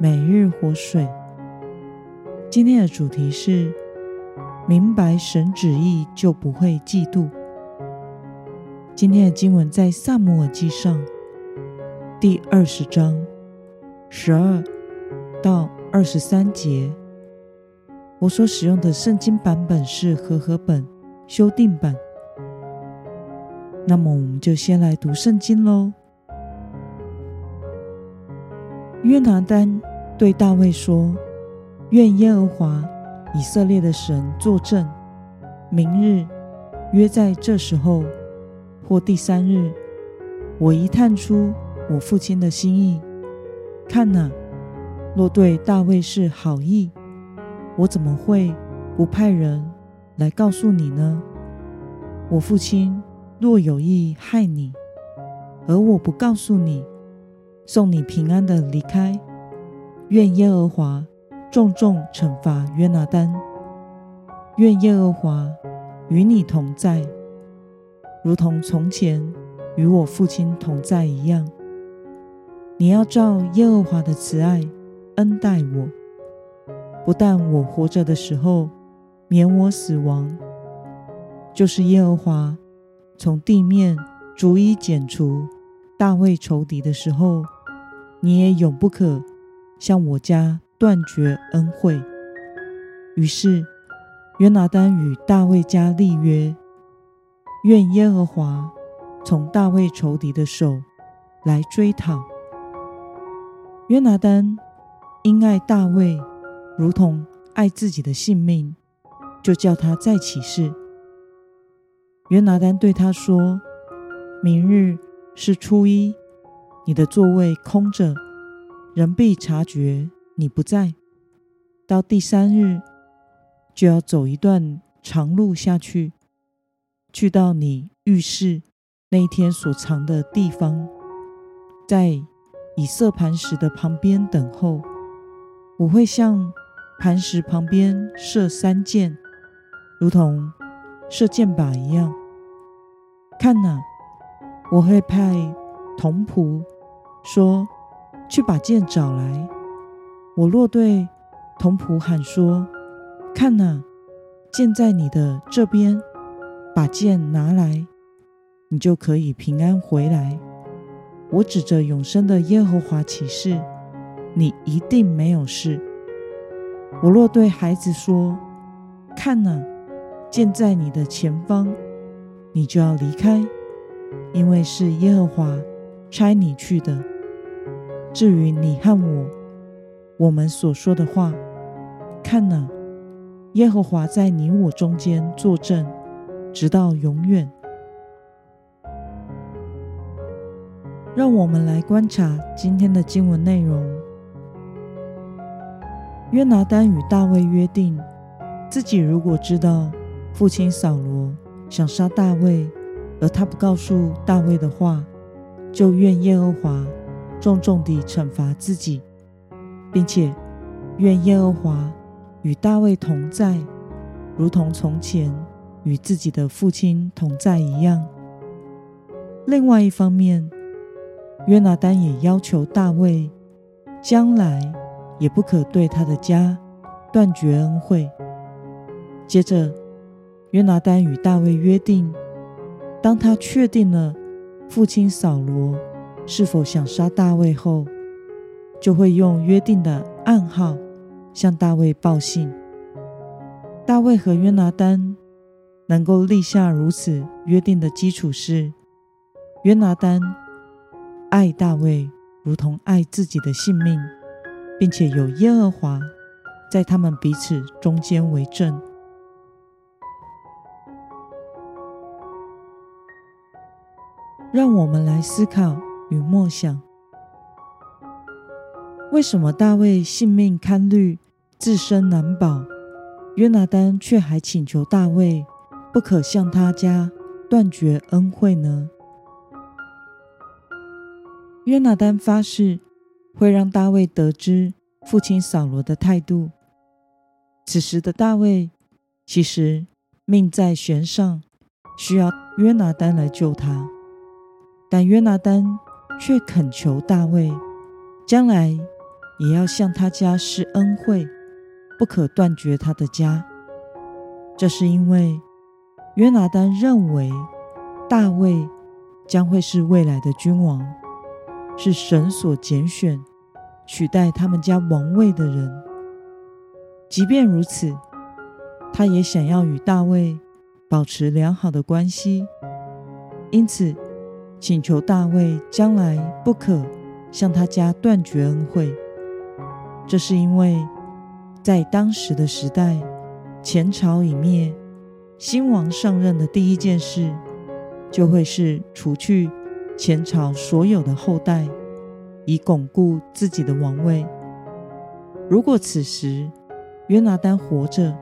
每日活水，今天的主題是明白神旨意就不會嫉妒。今天的經文在《撒母耳記上》第二十章十二到二十三節。我所使用的聖經版本是和合本修訂版。那麼，我們就先來讀聖經嘍。約拿單對大衛說：“願耶和華以色列的神作證，明日約在這時候，或第三日，我一探出我父親的心意。看哪，若對大衛是好意，我怎麼會不派人來告訴你呢？我父親若有意害你，而我不告訴你。”送你平安地離開，願耶和華重重懲罰約拿單，願耶和華與你同在，如同從前與我父親同在一樣。你要照耶和華的慈愛恩待我，不但我活着的時候免我死亡，就是耶和華從地面逐一剪除大衛仇敵的時候，你也永不可向我家斷絕恩惠。於是約拿單與大衛家立約，願耶和華從大衛仇敵的手來追討。約拿單因愛大衛如同愛自己的性命，就叫他再起誓。約拿單對他說：“明日是初一。”你的座位空着，人必察覺你不在。到第三日，就要走一段長路下去，去到你遇事那一天所藏的地方，在以色磐石的旁邊等候。我會向磐石旁邊射三箭，如同射箭靶一樣。看哪、啊，我會派童僕。說，去把箭找來。我若對童僕喊說：“看哪，箭在你的這邊，把箭拿來，你就可以平安回來。”我指着永生的耶和華起誓，你一定沒有事。我若對孩子說：“看哪，箭在你的前方，你就要離開，因為是耶和華差你去的。”至於你和我，我們所說的話，看哪，耶和華在你我中間作證，直到永遠。讓我們來觀察今天的經文內容。約拿單與大衛約定，自己如果知道父親掃羅想殺大衛，而他不告訴大衛的話，就願耶和華。重重地懲罰自己，並且願耶和華與大衛同在，如同從前與自己的父親同在一樣。另外一方面，約拿單也要求大衛將來也不可對他的家斷絕恩惠。接着，約拿單與大衛約定，當他確定了父親掃羅是否想殺大衛後，就會用約定的暗號向大衛報信。大衛和約拿單能夠立下如此約定的基礎是，約拿單愛大衛如同愛自己的性命，並且有耶和華在他們彼此中間為證。讓我們來思考。與夢想，為什麼大衛性命堪慮，自身難保，約拿丹卻還請求大衛不可向他家斷絕恩惠呢？約拿丹發誓會讓大衛得知父親掃羅的態度。此時的大衛其實命在懸上，需要約拿丹來救他，但約拿丹……卻懇求大衛，將來也要向他家施恩惠，不可斷絕他的家。這是因為約拿單認為大衛將會是未來的君王，是神所揀選取代他們家王位的人。即便如此，他也想要與大衛保持良好的關係，因此，請求大衛將來不可向他家斷絕恩惠，這是因為，在當時的時代，前朝已滅，新王上任的第一件事，就會是除去前朝所有的後代，以鞏固自己的王位。如果此時約拿單活着，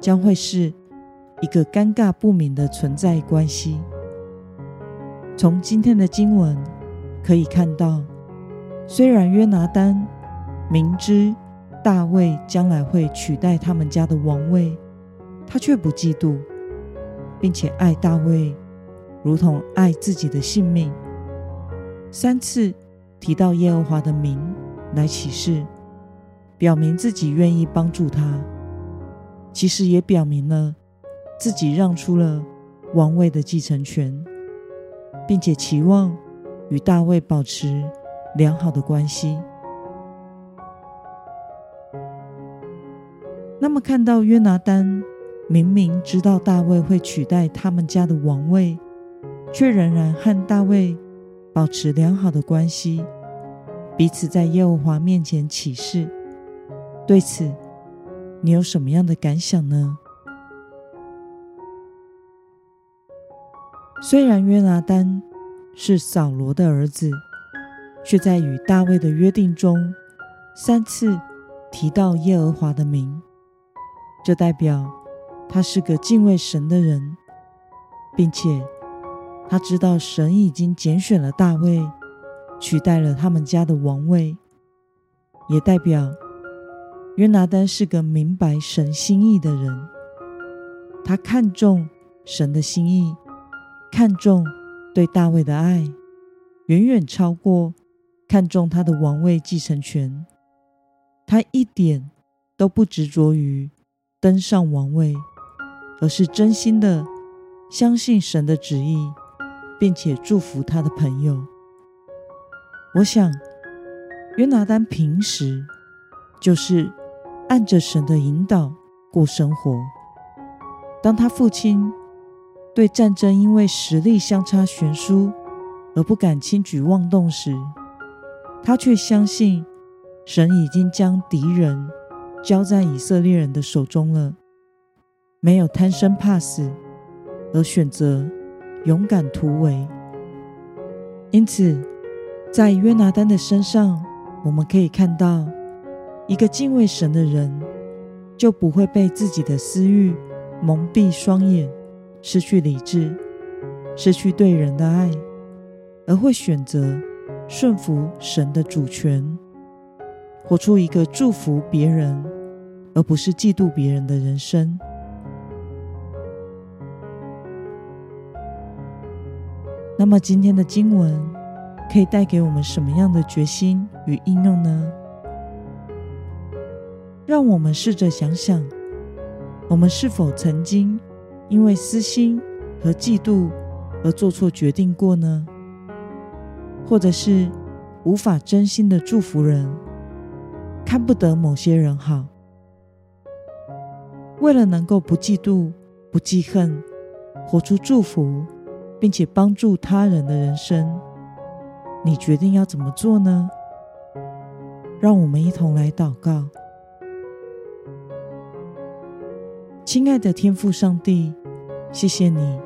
將會是一個尷尬不明的存在關係。從今天的經文可以看到，雖然約拿單明知大衛將來會取代他們家的王位，他卻不嫉妒，並且愛大衛如同愛自己的性命。三次提到耶和華的名來起誓，表明自己願意幫助他，其實也表明了自己讓出了王位的繼承權。並且期望與大衛保持良好的關係。那麼，看到約拿單明明知道大衛會取代他們家的王位，卻仍然和大衛保持良好的關係，彼此在耶和華面前起誓，對此你有什麼樣的感想呢？雖然約拿單是掃羅的兒子，卻在與大衛的約定中三次提到耶和華的名，這代表他是個敬畏神的人，並且他知道神已經揀選了大衛，取代了他們家的王位，也代表約拿單是個明白神心意的人，他看重神的心意。看重對大衛的愛，遠遠超過看重他的王位繼承權。他一點都不執着於登上王位，而是真心的相信神的旨意，並且祝福他的朋友。我想，約拿單平時就是按着神的引導過生活。當他父親。對戰爭，因為實力相差懸殊而不敢輕舉妄動時，他卻相信神已經將敵人交在以色列人的手中了。沒有貪生怕死，而選擇勇敢突圍。因此，在約拿單的身上，我們可以看到，一個敬畏神的人就不會被自己的私慾蒙蔽雙眼。失去理智，失去對人的愛，而會選擇順服神的主權，活出一個祝福別人而不是嫉妒別人的人生。那麼，今天的經文可以帶給我們什麼樣的決心與應用呢？讓我們試着想想，我們是否曾經因為私心和嫉妒而做錯決定過呢？或者是無法真心的祝福人，看不得某些人好？為了能夠不嫉妒、不記恨，活出祝福，並且幫助他人的人生，你決定要怎麼做呢？讓我們一同來禱告。親愛的天父上帝，謝謝你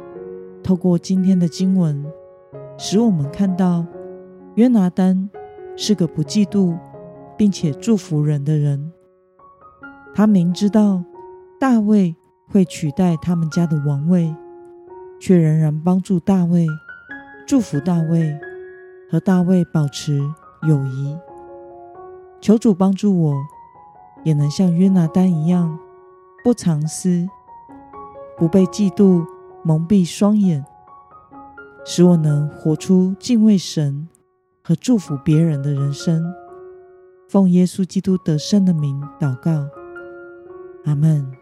透過今天的經文，使我們看到約拿單是個不嫉妒並且祝福人的人。他明知道大衛會取代他們家的王位，卻仍然幫助大衛、祝福大衛和大衛保持友誼。求主幫助我，也能像約拿單一樣。不藏私，不被嫉妒蒙蔽雙眼，使我能活出敬畏神和祝福別人的人生。奉耶穌基督得勝的名禱告，阿門。